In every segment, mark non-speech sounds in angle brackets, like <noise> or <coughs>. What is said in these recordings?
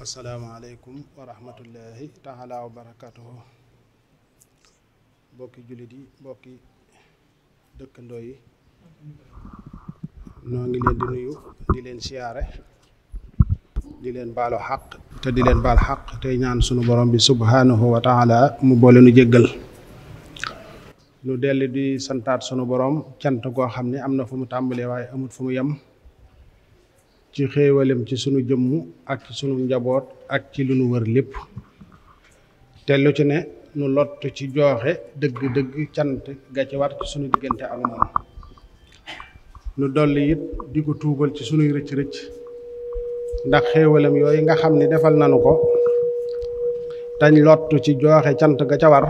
asalaamaaleykum wa rahmatullahi taala wa barakatuhu mbokki jullit yi mbokki dëkkandoo yi noo ngi leen di nuyu di leen siyaare di leen baalu xaq te di leen baal xaq tey ñaan sunu borom bi subhanahu wa taala mu boole nu jéggal nu delli di santaat sunu borom cant koo xam ne am na fu mu tàmbalee waaye amut fu mu yem ci xéewalem ci sunu jëmm ak ci sunu njaboot ak ci lu nu wër lépp te lu ci ne nu lott ci jooxe dëgg-dëgg cant ga ci war ci sunu diggante ak moom nu dolli it di tuubal ci sunuy rëcc-rëcc ndax xéewalam yooyu nga xam ni defal nanu ko dañ lott ci jooxe cant ga ca war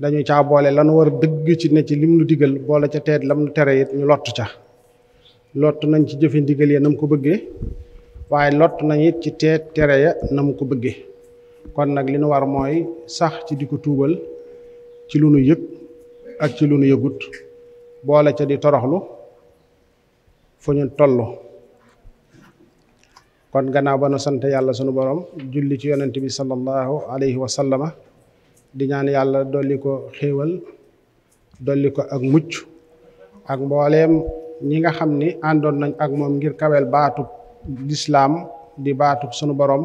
dañu caa boole lanu war dëgg ci ne ci lim nu digal boole ca teet la nu tere it ñu lott ca lot nañ ci jëfë ndigal ya nam ko bëggé waye lot nañ it ci tee téré ya nam ko bëggé kon nak li nu war moy sax ci diko ko tuubal ci lu nu yëg ak ci lu ñu yëgut boole ca di toroxlu fu ñu tollu kon gannaaw ba nu sant yàlla sunu borom julli ci yonent bi sallallahu alayhi wa sallama di ñaan yàlla dolli ko xéewal dolli ko ak mucc ak mbooleem ñi nga xam ni àndoon nañ ak moom ngir kawel baatu lislaam di baatu sunu borom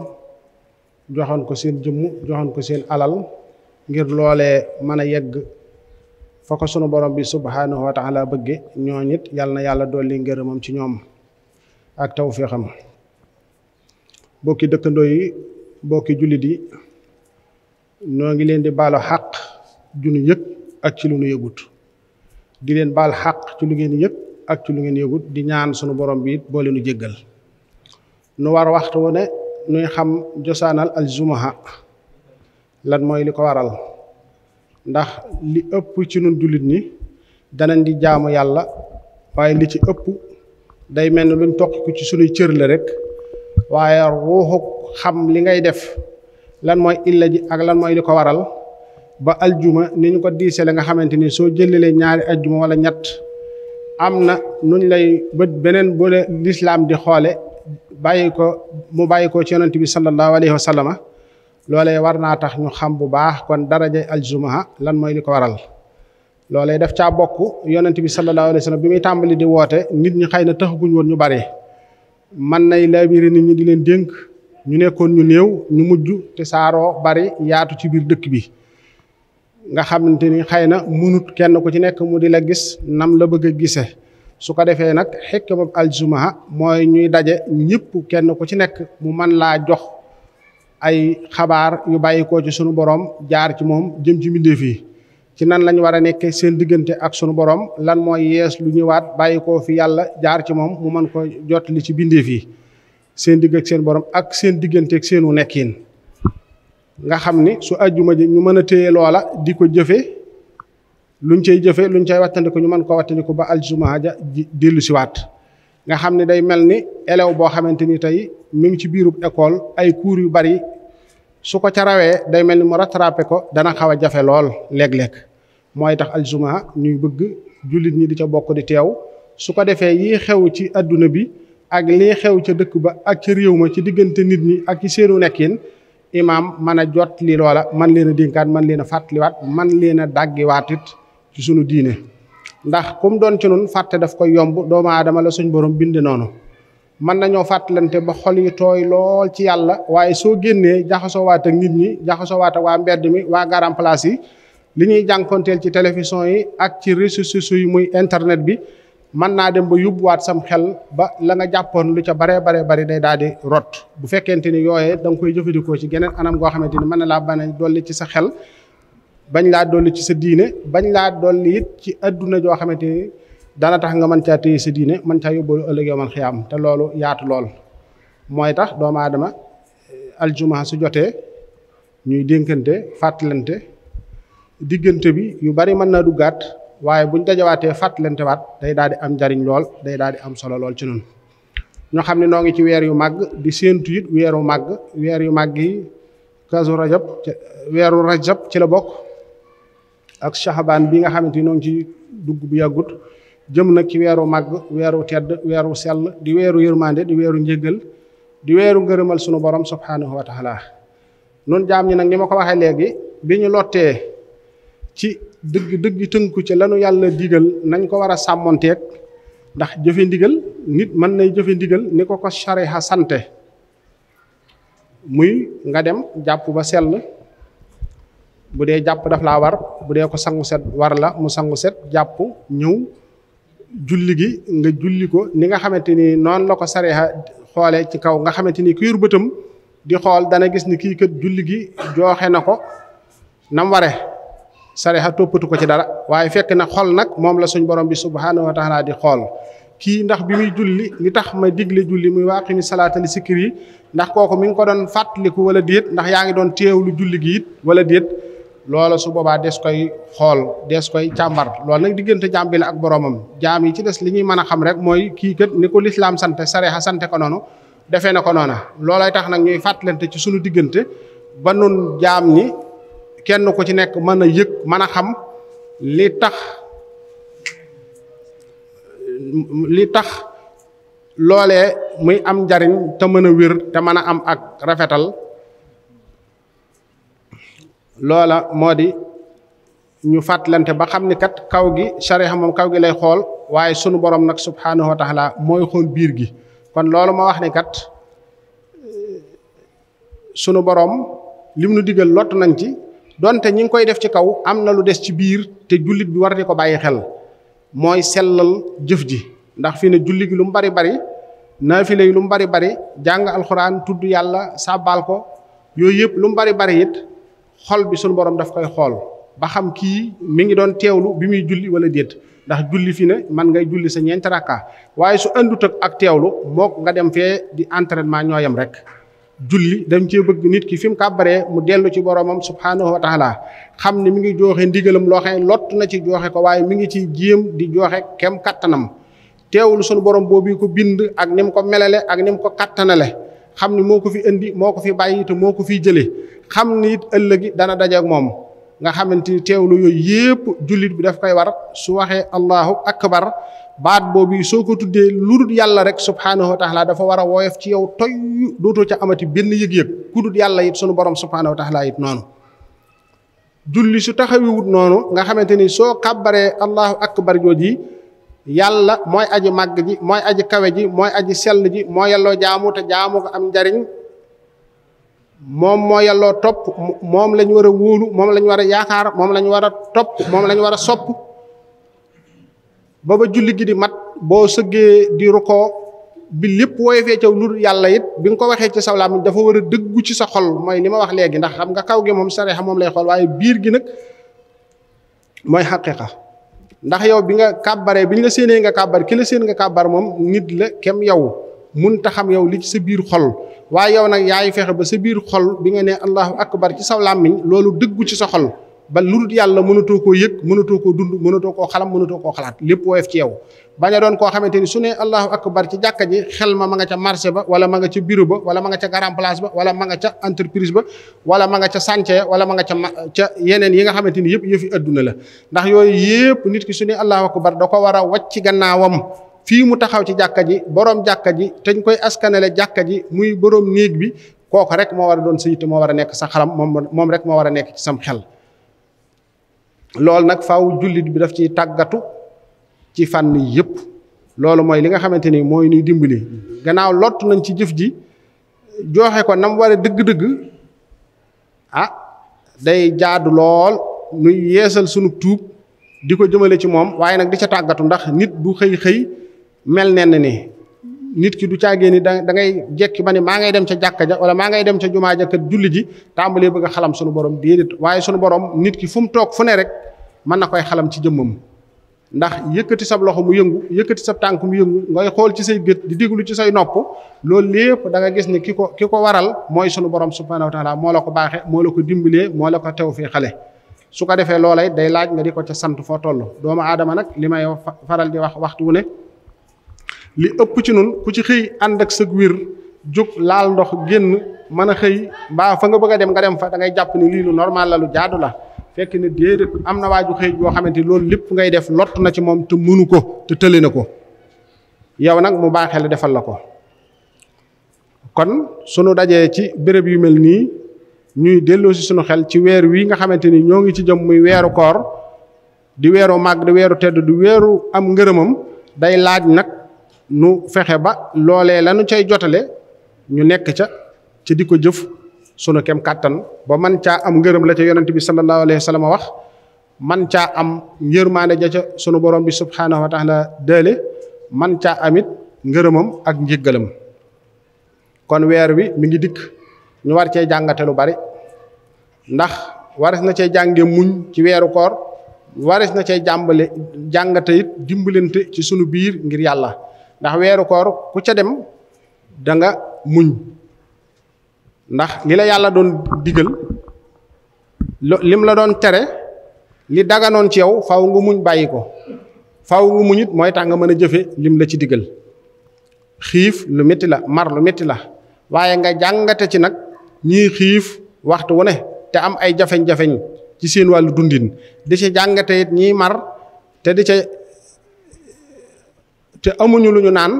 joxoon ko seen jëmm joxoon ko seen alal ngir loolee mën a yegg fa ko sunu borom bi subhanahu wa taala bëgge ñooñ it yàlla na yàlla dolli ngërëmam ci ñoom ak tawféexam bokki dëkkandoo yi bokki julit yi noo ngi leen di baalo xaq ju ak ci lu nu yëgut di leen baal xaq ci lu ngeen yëg ak ci lu ngeen yëgut di ñaan sunu borom bi bo leenu jéggal nu war waxtu nuy xam josaanal aljumaha lan mooy li ko waral ndax li ëpp ci nun jullit ñi danañ di jaamu yàlla waaye li ci ëpp day mel ni luñ tokkiku ci sunuy cër la rek waaye ruuxu xam li ngay def lan mooy illa ji ak lan mooy li waral ba aljuma ni ñu ko diisele nga xamante ni soo jëlelee ñaari aljuma wala ñett am na nuñ lay bët beneen bu le lislaam di xoole bàyyi ko mu bàyyi ko ci yonent bi sallallahu alayhi wa sallama loolee war naa tax ñu xam bu baax kon dara daraja aljumaa lan mooy li ko waral loolee def caa bokk yonent bi sallallahu alayhi wa bi muy tàmbali di woote nit ñi xëy na taxaguñ woon ñu bare man nay laabiri nit ñi di leen dénk ñu nekkoon ñu néew ñu mujj te saaroo bari yaatu ci biir dëkk bi nga xamante ni xëy na mënut kenn ku ci nekk mu di la gis nam la bëgg a gisee su ko defee nag xekk moom aljumaa mooy ñuy daje ñëpp kenn ku ci nekk mu man laa jox ay xabaar yu bàyyikoo ci sunu borom jaar ci moom jëm ci mbindéef yi ci nan lañ war a nekkee seen diggante ak sunu borom lan mooy yees lu ñëwaat bàyyikoo fi yàlla jaar ci moom mu mën ko jot ci mbindéef yi seen digg ak seen borom ak seen digganteeg seenu nekkin nga xam ni su àjjuma ji ñu mën a téye loola di ko jëfe luñ cay jëfe luñ cay wattandiku ñu mën koo wattandiku ba aljuma ja dellu siwaat nga xam ni day mel ni élève boo xamante ni tey mi ngi ci biirub école ay cours yu bari su ko ca rawee day mel ni mu rattrapé ko dana xaw a jafe lool léeg-léeg mooy tax aljuma ñuy bëgg jullit ñi di ca bokk di teew su ko defee yi xew ci adduna bi ak lii xew ca dëkk ba ak ca réew ma ci diggante nit ñi ak ci seenu nekkin imam mana jot li lola man leena a man leena fatli wat man leena daggi watit ci sunu diine ndax kum don ci nun fatte daf koy yomb ma adama la suñ borom bind nono man nañoo fatlante ba xol yi toy lol ci yalla waye so genné jaxasoo wat ak nit ñi jaxasoo wat wa mbedd mi wa place yi li ñuy jankontel ci télévision yi ak ci réseaux sociaux yi muy internet bi mën naa dem ba yóbbuwaat sam xel ba la nga jàppoon lu ca baree baree bari day daal di rot bu fekkente ni yooyee da nga koy jëfandikoo ci geneen anam goo xamante ni mën na laa bañ a dolli ci sa xel bañ laa dolli ci sa bañ laa dolli it ci adduna joo xamante ni dana tax nga mën caa téye sa diine mën caa yóbbalu ëllëg yow man xiyaam te loolu yaatu lool mooy tax doomu aadama eh, aljumaa su jotee ñuy dénkante fàttalante diggante bi yu bari mën naa duggaat waaye buñ dajawaatee fàttalante waat day daal di am njariñ lool day daal di am solo lool ci ñun ñoo xam ne noo ngi ci weer yu màgg di séentu it weeru màgg weer yu màgg yi kazu rajab weeru rajab ci la bokk ak shahaban bi nga xamante ni noo ngi ci dugg yàggut jëm nag ci weeru màgg weeru tedd weeru sell di weeru yërmande di weeru njëgal di weeru ngërëmal sunu borom subhanahu wa nun jaam ñi nag ni ma ko waxee léegi bi ñu lottee ci deug dëgg teunku ci lanu yalla digal nañ ko wara samonté ak ndax jëfe ndigal nit man lay jëfe ndigal ni ko ko shariha santé muy nga dem japp ba sel budé japp daf la war budé ko sangu set war la mu sangu set japp ñew julli gi nga julli ko ni nga xamanteni non la ko shariha xolé ci kaw nga xamanteni ku yurbeutum di xol dana gis ni ki ke julli gi joxé nako nam waré sarexa toppatu ko ci dara waaye fekk na xool nag moom la suñ borom bi subhaanahu wa taala di xool kii ndax bi muy julli li tax ma digle julli muy waaqimi salaata li sikkir yi ndax kooku mi ngi ko doon fàttaliku wala déet ndax yaa ngi doon lu julli gi it wala déet loola su boobaa des koy xool des koy càmbar loolu nag diggante jaam bi la ak boromam jaam yi ci des li ñuy mën a xam rek mooy kii kat ni ko lislaam sante sarexa sante ko noonu defee na ko noona loolay tax nag ñuy fàttalante ci sunu diggante ba nun jaam ñi kenn ku ci nekk mën a yëg mën a xam li tax lii tax loole muy am njariñ te mën a wér te mën a am ak rafetal loola moo di ñu fàttalante ba xam ni kat kaw gi sariya moom kaw gi lay xool waaye sunu boroom nag subhaanahu wa taala mooy xool biir gi kon loolu ma wax ni kat sunu boroom lim nu digal lott nañ ci donte ñi ngi koy def ci kaw am na lu des ci biir te jullit bi war di ko bàyyi xel mooy sellal jëf ji ndax fi ne julli gi lu mu bari bari naafile yi lu mu bari bari jàng alxuraan tudd yàlla sàbbaal ko yooyu yëpp lu mu bari bari it xol bi sunu borom daf koy xool ba xam kii mu ngi doon teewlu bi muy julli wala déet ndax julli fi ne man ngay julli sa ñeenti rakka waaye su andut ak teewlu mook nga dem fee di ñoo ñooyam rek julli dañ ci bëgg nit ki fi mu kàbbaree mu dellu ci boromam subhaanahu wa xam ne mi ngi jooxe ndigalam loo xam ne lott na ci jooxe ko waaye mi ngi ci jéem di jooxe kem kattanam teewul sunu borom boobu ko bind ak ni mu ko melale ak ni mu ko kattanale xam ni moo ko fi indi moo ko fi bàyyi te moo ko fiy jëlee xam ni it ëllëgi dana daje ak moom. nga xamante ni teewlu yooyu yëpp jullit bi daf koy war su waxee allahu akbar baat boobu soo ko tuddee lu dul yàlla rek subhaanahu wa taala dafa war a woyof ci yow toy dootoo ca amati benn yëg-yëg ku dul yàlla it sunu borom subhaanahu wa taala it noonu. julli su taxawiwut noonu nga xamante ni soo kàbbaree allahu akbar jooji yàlla mooy aji màgg ji mooy aji kawe ji mooy aji sell ji moo yelloo jaamu te jaamu ko am njariñ moom moo yelloo topp moom lañu war a wóolu moom lañu war a yaakaar moom lañ war a topp moom lañ war a sopp ba ba julli gi di mat boo sëggee di rukoo bi lépp woyofee caw lu yàlla it bi nga ko waxee ci saw làmmiñ dafa war a dëggu ci sa xol mooy li ma wax léegi ndax xam nga kaw gi moom sareexa moom lay xool waaye biir gi nag mooy xaqiqa ndax yow bi nga kàbbaree bi ñu la séenee nga kàbbar ki la séen nga kàbbar moom nit la kem yow mun ta xam yow li ci sa biir xol waaye yow nag yaay fexe ba sa biir xol bi nga ne allahu akbar ci sa làmmiñ loolu dëggu ci sa xol ba lu dul yàlla mënatoo koo yëg mënatoo koo dund mënatoo koo xalam mënatoo koo xalaat lépp woyof ci yow bañ a doon koo xamante ni su ne allahu bar ci jàkka ji xel ma ma nga ca marché ba wala ma nga ca bureau ba wala ma nga ca grand place ba wala ma nga ca entreprise ba wala ma nga ca chantier wala ma nga ca ca yeneen yi nga xamante ni yëpp yëfi adduna la ndax yooyu yëpp nit ki su ne allahu akbar da ko war a wàcc gannaawam fii mu taxaw ci jàkka ji boroom jàkka ji te ñu koy askanale jàkka ji muy borom néeg bi kooku rek moo war a doon sa yitte moo war a nekk sa xalam moom moom rek moo war a nekk ci sam xel. loolu nag faaw jullit bi daf ciy tàggatu ci fànn yëpp loolu mooy li nga xamante ni mooy nuy dimbali gannaaw lott nañ ci jëf ji joxe ko nam war a dëgg-dëgg ah day jaadu lool nuy yeesal sunu tuub di ko jëmale ci moom waaye nag di ca tàggatu ndax nit bu xëy xëy. mel nenn ni nit ki du càggee ni da ngay jekki ba ni maa ngay dem ca jàkka ja wala maa ngay dem ca jumaa ja kat julli ji tàmbalee bëgg a xalam sunu borom déedéet waaye sunu borom nit ki fu mu toog fu ne rek mën na koy xalam ci jëmmam. ndax yëkkati sab loxo mu yëngu yëkkati sab tànk mu yëngu ngay xool ci say gët di déglu ci say nopp loolu lépp danga gis ni ki ko ki ko waral mooy sunu borom subhaanahu wa taala moo la ko baaxee moo la ko dimbalee moo la ko tew fii xale. su ko defee loolay day laaj nga di ko ca sant foo toll aadama nag li may faral di wax waxtu wu ne. li ëpp ci nun ku ci xëy ànd ak sëg wir jóg laal ndox génn mën a xëy mbaa fa nga bëgg a dem nga dem fa da ngay jàpp ni lii lu normal la lu jaadu la fekk ne déedéet am na waaju xëy boo xamante loolu lépp ngay def lott na ci moom te mënu ko te tële na ko yow nag mu baaxee la defal la ko kon sunu dajee ci béréb yu mel nii ñuy delloo si sunu xel ci weer wi nga xamante ni ñoo ngi ci jëm muy weeru koor di weeru màgg di weeru tedd di weeru am ngërëmam day laaj nag nu fexé ba loolee lanu cey jotalé ñu nekk ca ci diko jëf sunu kem katan. ba man ca am ngeerum la ca yonente bi sallallahu alayhi wa wax man ca am ngeermane ja ca sunu borom bi subhanahu wa taala dële man ca amit ngeerumam ak njëggalam kon weer wi mi ngi dik ñu war cey jangate lu bari ndax waris na cey jangé muñ ci weeru koor waris na cey jambalé jangate it dimbalante ci sunu biir ngir yalla ndax wéru koor ku ca dem da nga muñ ndax li la yàlla doon lim la doon tere li daganoon ci yow faw nga muñ bàyyi ko faw nga muñit mooy tax nga mën a lim la ci digal xiif lu metti la mar lu metti la waaye nga jàngate ci nag ñii xiif waxtu wu ne te am ay jafeñ-jafeñ ci seen wàllu dundin di ci jàngate it mar te di ca te amuñu luñu naan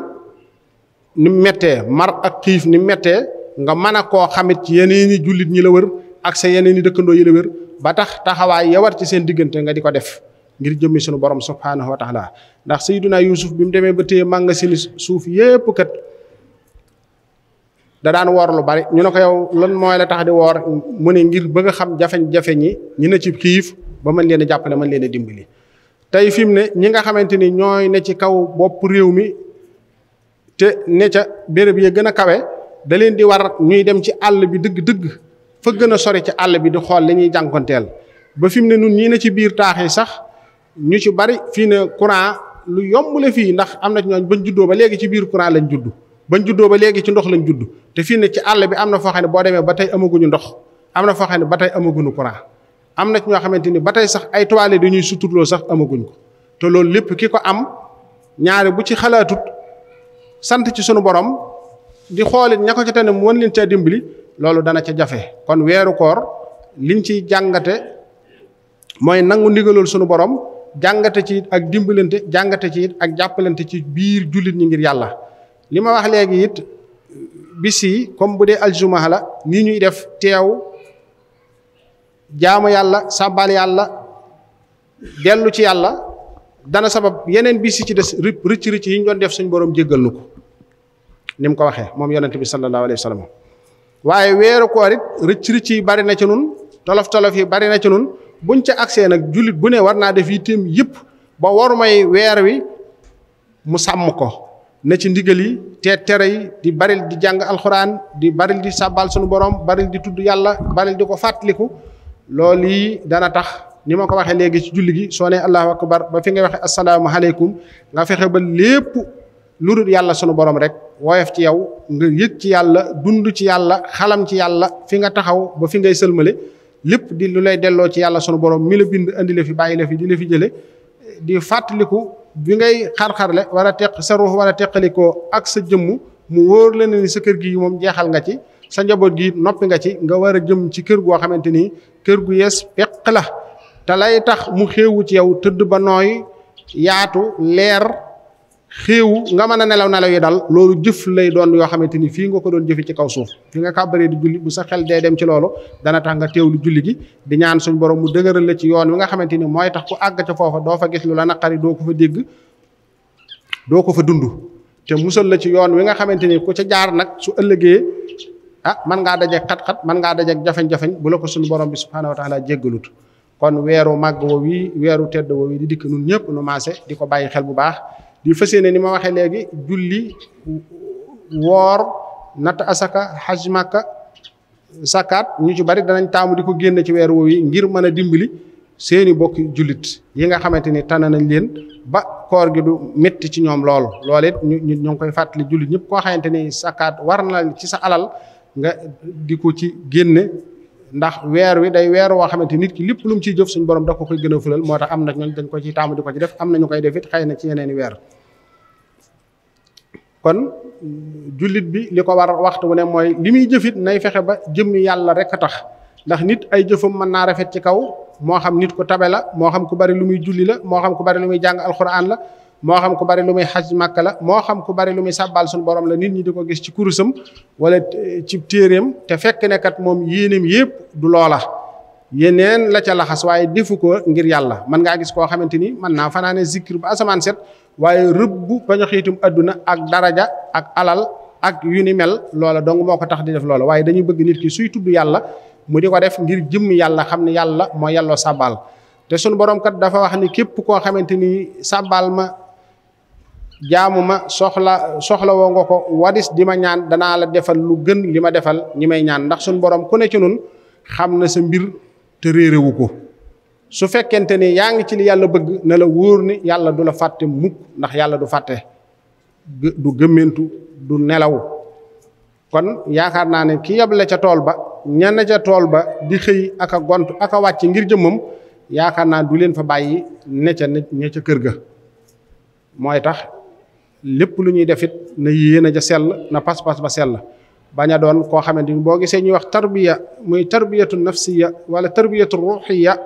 ni metté mar ak kif ni metté nga mën ko xamit ci yeneeni julit ñi la wër ak sa yeneeni i yi la wër ba tax taxawaay yawar ci seen digënté nga diko def ngir jëmmé suñu borom subhanahu wa taala ndax sayyiduna yusuf bimu démé demee ba sufie mànga seen suuf yépp kat da daan wor lu bari ñu nako yow lan moy la tax di wor mune ngir bëgg xam jafé jafé ñi ñina ci kif ba man leen jappalé man leen dimbali tey fi mu ne ñi nga xamante ni ñooy ne ci kaw bopp réew mi te ne ca béréb ya gën a kawe da leen di war ñuy dem ci àll bi dëgg-dëgg fa gën a sori ci àll bi di xool li ñuy jànkonteel ba fi mu ne nun ñii ne ci biir taax yi sax ñu ci bari fii ne courant lu yomb la fii ndax am na ci ñooñ bañ juddoo ba léegi ci biir courant lañ judd bañ juddoo ba léegi ci ndox lañ judd te fii ne ci àll bi am na foo xam ne boo demee ba tey amaguñu ndox am na foo xam ne ba tey amaguñu courant am na ci ñoo xamante ni ba tey sax ay toilettes ñuy suturloo sax amaguñ ko te loolu lépp ki ko am ñaare bu ci xalaatut sant ci sunu borom di xoolit ña ko ca tane mu wan leen caa dimbali loolu dana ca jafe kon weeru koor liñ ciy jàngate mooy nangu ndigalool sunu borom jàngate ci it ak dimbalante jàngate ci ak jàppalante ci biir jullit ñi ngir yàlla li ma wax léegi it bis comme bu dee aljumaa la nii ñuy def teew jaamu yàlla sàbbal yàlla dellu ci yàlla dana sabab yeneen bis yi ci des ricc rëcc yi ñu doon def suñu boroom jéggal nu ko ni mu ko waxee moom yonent bi sallallahu alayhi wa waaye weeru koor it rëcc yi bari na ci nun tolof tolof yi bari na ci nun buñ ca agsee nag jullit bu ne war naa def yitteem yëpp ba waru may weer wi mu sàmm ko na ci ndigal yi te tere yi di baril di jàng alxuraan di baril di sàbbal suñu borom baril di tudd yàlla baril di ko fàttaliku lool yi dana tax ni ma ko waxee léegi ci julli gi soo nee allahu akbar ba fi nga waxe asalaamu aleykum nga fexe ba lépp lu dul yàlla sunu borom rek woyof ci yow nga yëg ci yàlla dund ci yàlla xalam ci yàlla fi nga taxaw ba fi ngay sëlmale lépp di lu lay delloo ci yàlla suñu borom mi la bind andi fi bàyyi la fi di la fi jële di fàttaliku bi ngay xarxarle war a teq sa ruux war a teqalikoo ak sa jëmm mu wóor la sa kër gi moom jeexal nga ci sa njaboot gi noppi nga ci nga war a jëm ci kër goo xamante ni kër gu yees peq la te lay tax mu xéewu ci yow tëdd ba nooy yaatu leer xéewu nga mën a nelaw nelaw yi dal loolu jëf lay doon yoo xamante ni fii nga ko doon jëfe ci kaw suuf fi nga kàbbaree di julli bu sa xel dee dem ci loolu dana tax nga lu julli gi di ñaan suñ borom mu dëgëral la ci yoon wi nga xamante ni mooy tax ku àgg ca foofa doo fa gis lu la naqari doo ko fa dégg doo ko fa dund te musal la ci yoon wi nga xamante ni ku ca jaar nag su ëllëgee ah man nga dajé khat khat man nga dajé jafeñ-jafeñ bu lako sunu borom bi subhanahu wa taala kon wéru mag wo wi wéru tedd wo wi di dik nun ñëpp nu masé di ko xel bu baax di fas ni ma waxé légui julli wor nat asaka hajmaka sakat ñu ci bari danañ taamu di ko ci wéru wo wi ngir mëna dimbali seeni bokk julit yi nga xamanteni tan nañ leen ba koor gi du metti ci ñom lool loolu ñu ñu ngi koy fatali julit ko xamanteni ci sa alal nga di ko ci génne ndax weer wi day weer woo xamante nit ki lépp lu ciy jëf suñu borom da ko koy gën a fulal moo tax am na ñooñ dañ ko ciy taamu di ko ci def am na ñu koy def it xëy na ci yeneen i weer kon jullit bi li ko war waxtu ne mooy li muy jëfit nay fexe ba jëmm yàlla rek a tax ndax nit ay jëfam mën naa rafet ci kaw moo xam nit ko tabe la moo xam ku bari lu muy julli la moo xam ku bari lu muy jàng alxuraan la mo xam ku bari lu hajj makka la mo xam ku bari lu sabbal sun borom la nit ñi diko gis ci kurusum wala eh, ci téeréem te fekk ne kat mom yéeneem yépp du loola yeneen la ca laxas waaye defu ko ngir yàlla man ngaa gis koo xamante man naa fanaane zikir ba asamaan set waaye rëbb bañ xiitum aduna ak daraja ak alal ak yu ni mel loola dong moo ko tax di def loola waaye dañu bëgg nit ki suy tudd yàlla mu di ko def ngir jëmm yàlla xam ne yàlla moo yàlloo sàbbaal borom kat dafa wax ni képp koo xamante ni ma jaamuma ma soxla soxla wo nga ko wadis dima ñaan danaa la defal lu gën lima defal ñi may ñaan ndax sun borom ku ne ci nun xam na sa mbir te wu ko su fekkente ni yaa ngi ci li yàlla bëgg na la wóor ni yàlla du la fàtte mukk ndax yàlla du fàtte du gëmmentu du nelaw kon yaakaar naa ne ki yable ca tool ba ñan ca tool ba di xëy ak a gontu ak a wàcc ngir jëmmam yaakaar naa du leen fa bàyyi ne ca ne ca kër ga mooy tax lepp lu ñuy defit na yéene ja sel na pas-pas ba sel baña doon ko xamanteni bo gisee ñuy wax tarbiya muy tarbiyatun nafsiya wala tarbiyatur ruhiyya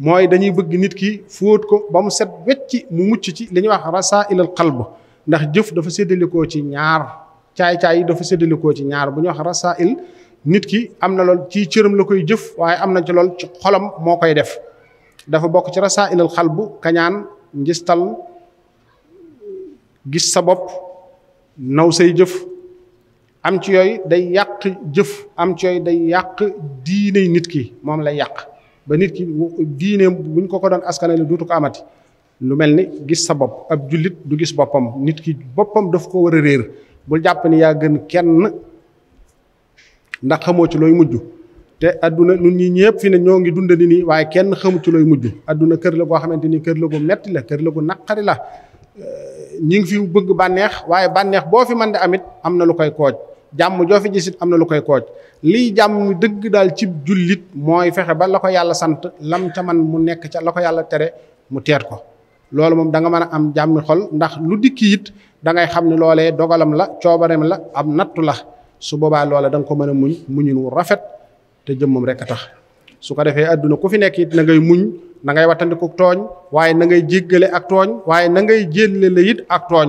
moy dañuy bëgg nit ki foot ko ba mu set wecc mu mucc ci li ñuy wax rasail al qalb ndax jëf dafa séddalikoo ci ñaar caay-caay yi dafa séddalikoo ci ñaar bu ñu wax rasail nit ki amna lol ci cëram la koy jëf waye amna ci lol ci xolam mo koy def dafa bok ci rasail al qalb kañaan ngistal gis sa bopp naw say jëf am ci yooy day yàq jëf am ci yooyu day yàq diine nit ki moom lay yàq ba nit ki diine buñ ko ko doon askanale dootu ko amati lu mel ni gis sa bopp ab jullit du gis boppam nit ki boppam dafa ko war a réer bu jàpp ni yaa gën kenn ndax xamoo ci looy mujj te adduna nun ñi ñëpp fi ne ñoo ngi dundali nii waaye kenn xamu ci looy mujj adduna kër la goo xamante ni kër la gu metti la kër la gu naqari la ñi ngi fi bëgg bànneex waaye bànneex boo fi man di amit am na lu koy kooj jàmm joo fi gisit am na lu koy kooj lii jàmm dëgg daal ci jullit mooy fexe ba la ko yàlla sant lam ca man mu nekk ca la ko yàlla tere mu teet ko loolu moom da nga mën a am jàmmi xol ndax lu dikki it da ngay xam ne loolee dogalam la coobareem la am nattu la su boobaa loole da nga ko mën a muñ muñin wu rafet te jëmmam rek a tax su ko defee adduna ku fi nekk it na ngay muñ na ngay wattandiku tooñ waaye na ngay jéggale ak tooñ waaye na ngay jéllale it ak tooñ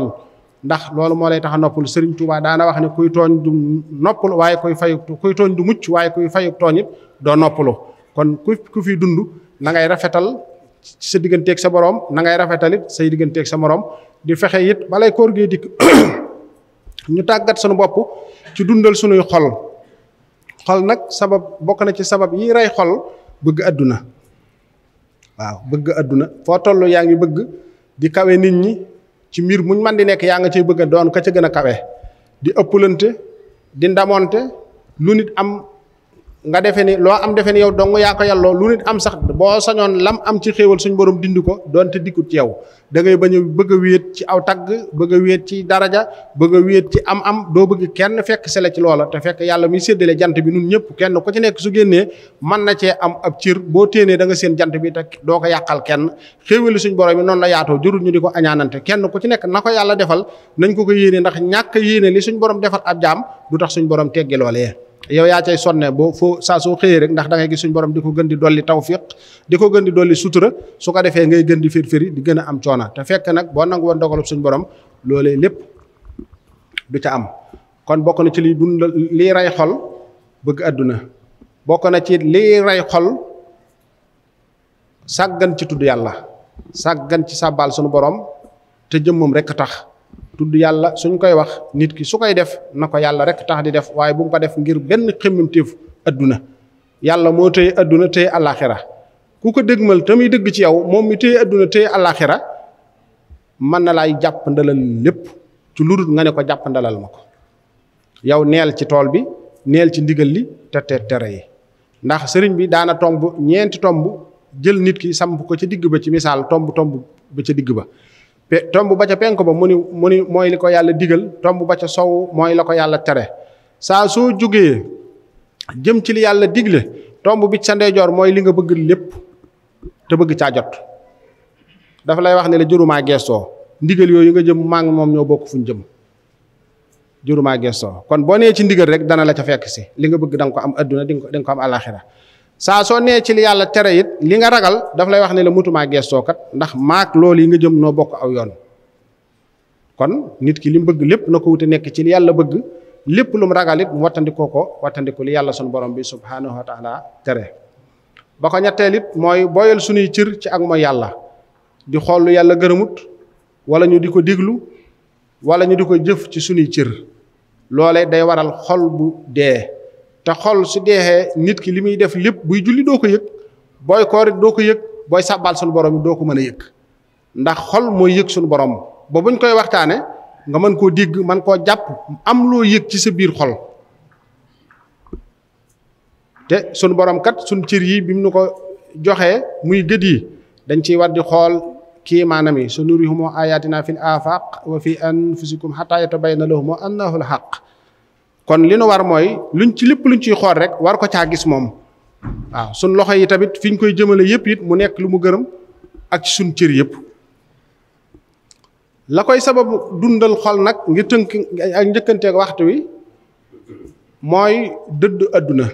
ndax loolu moo lay tax a noppalu Sëriñ Tuubaa daana wax ne kuy tooñ du noppalu waaye kuy fayu kuy tooñ du mucc waaye kuy fayu tooñ it doo noppalu kon ku ku fi dund na rafetal sa digganteeg sa borom na ngay rafetal it say digganteeg sa morom di fexe it balay koor gi dikk <coughs> ñu tàggat sunu bopp ci dundal suñuy xol xol nag sabab bokk na ci sabab yi rey xol bëgg àdduna waaw bëgg àdduna foo toll yaa ngi bëgg di kawe nit ñi ci mbir muñ man di nekk yaa nga cay bëgg doon ka ca gën a kawe di ëppalante di ndamonte lu nit am nga defe ni loo am defe ni yow dong yaa ko yàlloo lu nit am sax boo sañoon lam am ci xéewal suñ borom dindi ko doonte dikkut ci yow da ngay bañ bëgg a wéet ci aw tagg bëgg wéet ci daraja bëgg a wéet ci am-am doo bëgg kenn fekk sele ci loola te fekk yàlla muy séddale jant bi nun ñëpp kenn ku ci nekk su génnee mën na cee am ab cir boo téenee da nga seen jant bi te doo ko yàqal kenn xéewali suñ borom yi noonu la yaatoo jurul ñu di ko añaanante kenn ku ci nekk na yàlla defal nañ ko ko yéene ndax ñàkk yéene li suñ borom defal ab jaam du tax suñ borom teggi loolee yow ya cey sonne bo fo saa so xëyee rek ndax da ngay gis suñu borom di gën di doli tawfiq di gën di doli sutura su ko defé ngay gën di firfiri di gëna am coona te fekk nak bo nang won dogal suñu borom lolé lepp du ca am kon bokk na ci li dund li ray xol bëgg aduna bokk na ci li ray xol saggan ci tuddu yalla saggan ci sabbal suñu borom te jëmum rek tax tudd yàlla suñ koy wax nit ki su koy def na ko yàlla rek tax di def waaye bu mu ko def ngir benn xemmemteef adduna yàlla moo téye adduna téye àllaaxira ku ko dëgmal te muy dëgg ci yow moom mu téye adduna téye àllaaxira mën na laay jàpp ndalal lépp ci lu nga ne ko jàpp ndalal ma ko yow neel ci tool bi neel ci ndigal li te te tere yi ndax sëriñ bi daana tomb ñeenti tomb jël nit ki samp ko ca digg ba ci misaal tomb tomb ba ca digg ba tomb ba ca penk ba mu ni mu ni mooy li ko yàlla digal tomb ba ca sow mooy la ko yàlla tere saa soo jógee jëm ci li yàlla digle tomb bi ci sa ndeyjoor mooy li nga bëgg lépp te bëgg caa jot dafa lay wax ne la jërumaa gestoo ndigal yooyu nga jëm maa ngi moom ñoo bokk fuñ jëm jërumaa gestoo kon boo nee ci ndigal rek dana la ca fekk si li nga bëgg da ko am àdduna di nga ko am àllaaxira saa soo nee ci li yàlla tere it li nga ragal daf lay wax ne la mutumaa geestoo kat ndax maak loolu yi nga jëm noo bokk aw yoon kon nit ki li mu bëgg lépp na ko wute nekk ci li yàlla bëgg lépp lu mu ragal it mu wattandikoo ko wattandiku li yàlla sunu borom bi subhaanahu wa taala tere ba ko ñetteel it mooy booyal sunuy cir ci ak mooy yàlla di xool lu yàlla gërëmut wala ñu di ko diglu wala ñu di ko jëf ci sunuy cir loolee day waral xol bu dee te xol su deexee nit ki li muy def lépp buy julli doo ko yëg booy koor doo ko yëg booy sàbbaal suñu borom doo ko mën a yëg ndax xol mooy yëg suñu borom ba buñ koy waxtaane nga mën koo dégg man koo jàpp am loo yëg ci sa biir xol te suñu borom kat suñu cër yi bi mu nu ko joxee muy gët dañ ciy war di xool kii maanam yi su sanurihum ayatina fil afaq wa fi anfusikum hatta yatabayyana lahum annahu al haqq kon li nu war mooy luñ ci lépp lu luñ ciy xool rek war ko caa gis moom waaw suñ loxo yi tamit fi ñu koy jëmale yëpp yit mu nekk lu mu gërëm ak suñ cër yëpp la koy sababu dundal xol nag ngir tënk ak njëkkanteeg waxtu wi mooy dëdd àdduna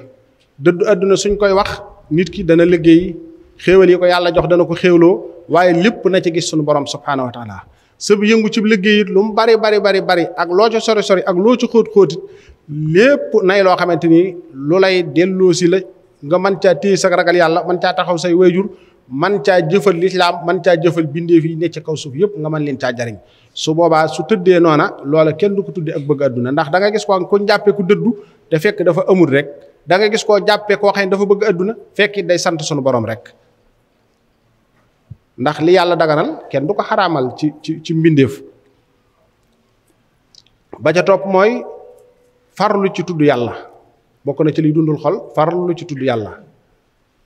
dëdd àdduna suñ koy wax nit ki dana liggéey xéewal yi yàlla jox dana ko xéewloo waaye lépp na ci gis suñu borom subhaanahu wa taala sëb yëngu ci liggéey lu mu bari bari bari bari ak loo ci sori sori ak loo ci xóot xóotit lepp nay lo xamanteni ni lu lay delloo la nga man ca tey sa ragal yalla man ca taxaw say wayjur man ca jëfal l'islam man ca jëfal bindeef fi ne ci kaw suuf yëpp nga man leen ca jariñ su boba su tuddé nona loola kenn du ko tuddé ak bëgg aduna ndax da nga gis ko ko jàppee ku dëddu da fekk dafa amul rek da nga gis ko jappé ko xam dafa bëgg aduna fekk day sant sunu borom rek ndax li yalla daganal kenn du ko haramal ci ci ci mbindeef ba ca top moy farlu ci tuddu yalla bokko na ci li dundul xol farlu ci tuddu yalla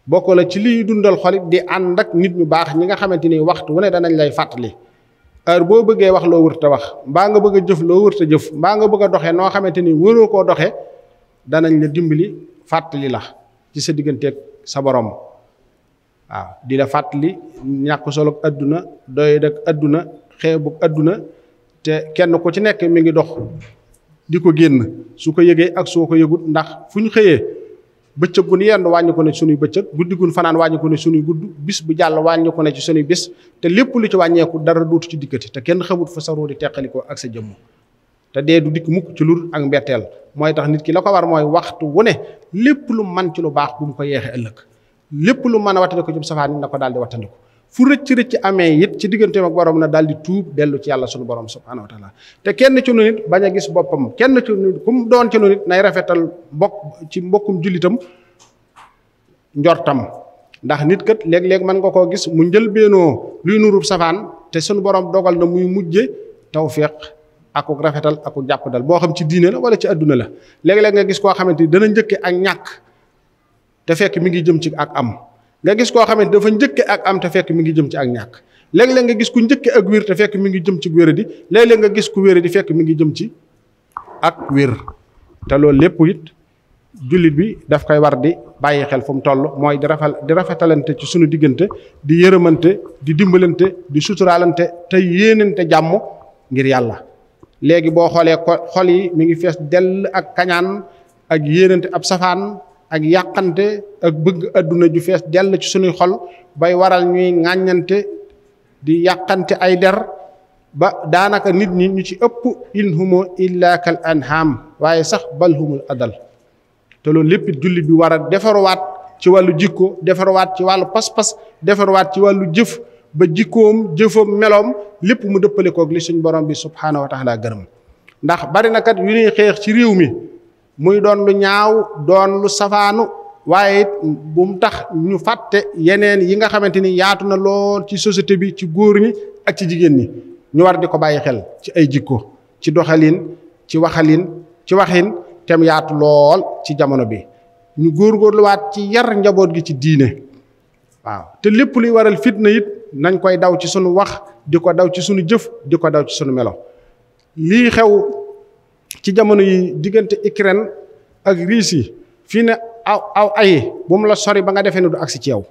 bokko na ci li dundal xol di ànd ak nit ñu bax ñi nga xamanteni waxtu wone ne danañ lay fatali heure bo bëgge wax wër ta wax ba nga bëgg jëf lo wër ta jëf ba nga bëgg doxé no xamanteni wëro ko doxé la dimbali fatali la ci sa ak sa borom wa di la fatli ñak solo ak aduna doy dak aduna xébuk aduna te kenn ku ci nekk mi ngi dox di ko génn su ko yëgee ak soo ko yëgut ndax fu ñu xëyee bëccëg gu nu yenn wàññi ko ne sunuy bëccëg guddi gun fanaan wàññi ko ne sunuy gudd bis bu jàll wàññi na ne ci sunuy bis te lépp lu ci wàññeeku dara dootu ci dikkati te kenn xamut fa sa ruu di teqalikoo ak sa jëmm te dee du dikk mukk ci lur ak mbetteel mooy tax nit ki la ko war mooy waxtu wu ne lépp lu man ci lu baax bu mu ko yeexe ëllëg lépp lu mën a wattandi ko ci safaan na ko daal di wattandi ko fu rëcc rëcc amee it ci digganteem ak borom na daal di tuub dellu ci yàlla sunu borom subhaanahu wa taala te kenn ci nu nit bañ a gis boppam kenn ci nu doon ci nit nay rafetal mbokk ci mbokkum jullitam njortam ndax nit kat léeg-léeg mën nga koo gis mu njëlbeenoo luy nurub safaan te sunu borom dogal na muy mujje tawfiq ak rafetal ak jàpp dal boo xam ci diine la wala ci adduna la léeg nga gis koo xamante ni dana njëkke ak ñàkk te fekk mi ngi jëm ci ak am nga gis koo xam dafa njëkke ak am te fekk mi ngi jëm ci ak ñàkk léeg-léeg nga gis ku njëkke ak wér te fekk mu ngi jëm ci wéradi léeg-léeg nga gis ku wéradi fekk mi ngi jëm ci ak wér te loolu lépp it jullit bi daf koy war di bàyyi xel fu mu toll mooy di rafal ci sunu diggante di yërëmante di dimbalante di suturaalante te yéenante jàmm ngir yàlla léegi boo xoolee xol yi mi ngi fees dell ak kañaan ak yéenante ab safaan ak yàqante ak bëgg àdduna ju fees jàll ci suñuy xol bay waral ñuy ŋàññante di yàqante ay der ba daanaka nit ñi ñu ci ëpp in humo illa kal waaye sax bal humul adal te loolu lépp julli bi war a defarwaat ci wàllu jikko waat ci wàllu pas-pas defarwaat ci wàllu jëf ba jikkoom jëfoom meloom lépp mu dëppale koog li suñ borom bi subhaanahu wa gërëm ndax bari na kat yu ñuy xeex ci réew mi muy doon lu ñaaw doon lu safaanu waaye bu mu tax ñu fàtte yeneen yi nga xamante ni yaatu na lool ci société bi ci góor ñi ak ci jigéen ñi ñu war di ko bàyyi xel ci ay jikko ci doxalin ci waxalin ci waxin tem yaatu lool ci jamono bi ñu góorgóorluwaat ci yar njaboot gi ci diine waaw te lépp luy waral fitna it nañ koy daw ci sunu wax di ko daw ci sunu jëf di ko daw ci sunu melo lii xew ci jamono yi digënté Ukraine ak Russie fi ne aw aw ay bu mu la sori ba nga defee ni du ak ci yow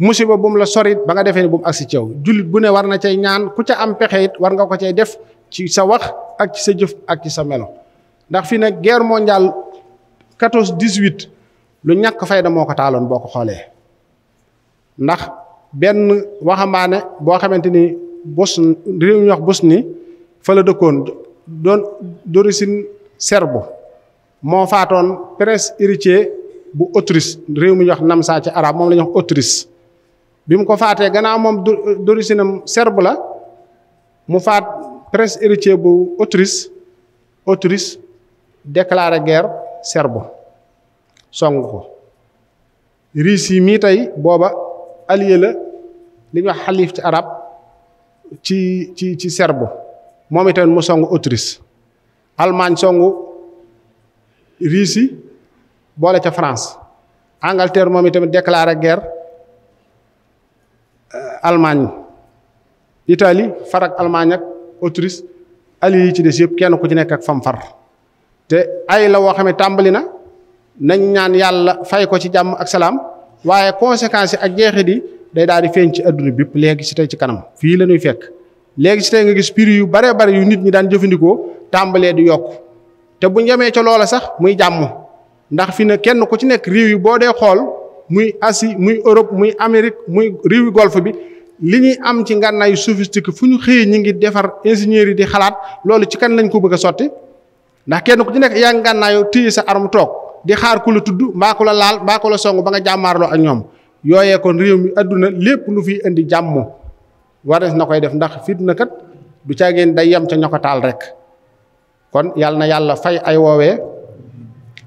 musiba bu mu la sori ba nga defee ni bu mu ci yow julit bu ne war na cey ñaan ku ca am pexe war nga ko cey def ci sa wax ak ci sa jëf ak ci sa melo ndax fi ne guerre mondiale 14 18 lu ñak fay da moko talon boko xolé ndax ben waxamaane bo xamanteni bosni bos réew ñu wax bos ni fa la doon d'origine serbe moo faatoon prince héritier bu Autriche réew mi ñuy wax Namsa ci arab moom la ñuy wax Autriche bi mu ko faatee gannaaw moom d'origine am serbe la mu faat prince héritier bu autrice autrice déclaré guerre serbe song ko Russie yi mii tey booba allié la li ñuy wax ci arab ci ci ci serbe moom itamit mu songu Autriche Allemagne songu Russie boole ca France Angleterre moom itamit déclaré guerre euh, Allemagne Italie far ak Allemagne ak Autriche ali ci des yëpp kenn ku ci nekk ak fam far te ay la woo xam ne tàmbali na nañ ñaan yàlla fay ko ci jàmm ak salaam waaye conséquences yi ak jeexe di day daal di feeñ ci adduna bépp léegi si tey ci kanam fii la fekk léegi ci tay nga gis pir yu bare bare yu nit ñi daan jëfëndiko tambalé du yok té bu njamee ci loola sax muy jamm ndax fi ne kenn ku ci nekk réew yu bo dé xol muy asi muy Europe muy Amérique muy réew yu golf bi li ñi am ci yu sophistique fu ñu ñi ngi defar ingénieur yi di xalaat loolu ci kan lañ ko bëgg a sotti ndax kenn ku ci nekk yaa yu téye sa arme tok di xaar ku la tuddu mbaa ko la laal ba ko la song ba nga jamarlo ak ñom yoyé kon réew mi aduna lépp lu fi indi jamm warees na koy def ndax fitna kat du caageen day yem ca ña ko taal rek kon yàlla na yàlla fay ay woowee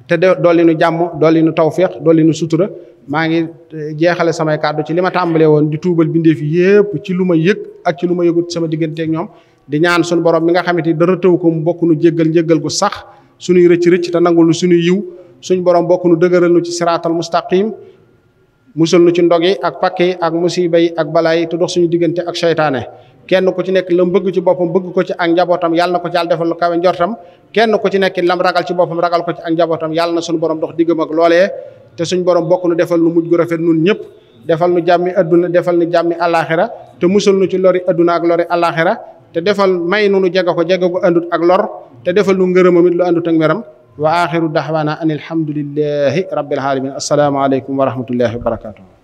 te de dolli nu jàmm dolli nu tawféex dolli nu sutura maa ngi eh, jeexale samay kàddu ci li ma tàmbalee woon di tuubal bindeef yépp ci lu ma yëg ak ci lu ma yëgut sama digganteeg ñoom di ñaan suñu borom mi nga xamante ni dara tëw ko mu bokk nu jéggal njéggal gu sax suñuy rëcc rëcc te nangul nu suñuy yiw suñu borom bokk nu dëgëral nu ci siraatal mustaqim musal nu ci ndog yi ak pakk yi ak musiba yi ak balaa yi te dox suñu diggante ak seytaane kenn ku ci nekk lam bëgg ci boppam bëgg ko ci ak njabootam yàlla na ko ci defal lu kawe njortam kenn ku ci nekk lam ragal ci boppam ragal ko ci ak njabootam yàlla na suñu borom dox diggam ak loolee te suñu borom bokku nu defal nu mujj gu rafet nun ñëpp defal nu jàmmi adduna defal nu jàmmi alaxira te musal nu ci lori adduna ak lori alaxira te defal may nu nu jege ko jege ko andut ak lor te defal nu ngërëmam it lu andut ak meram واخر دعوانا ان الحمد لله رب العالمين السلام عليكم ورحمه الله وبركاته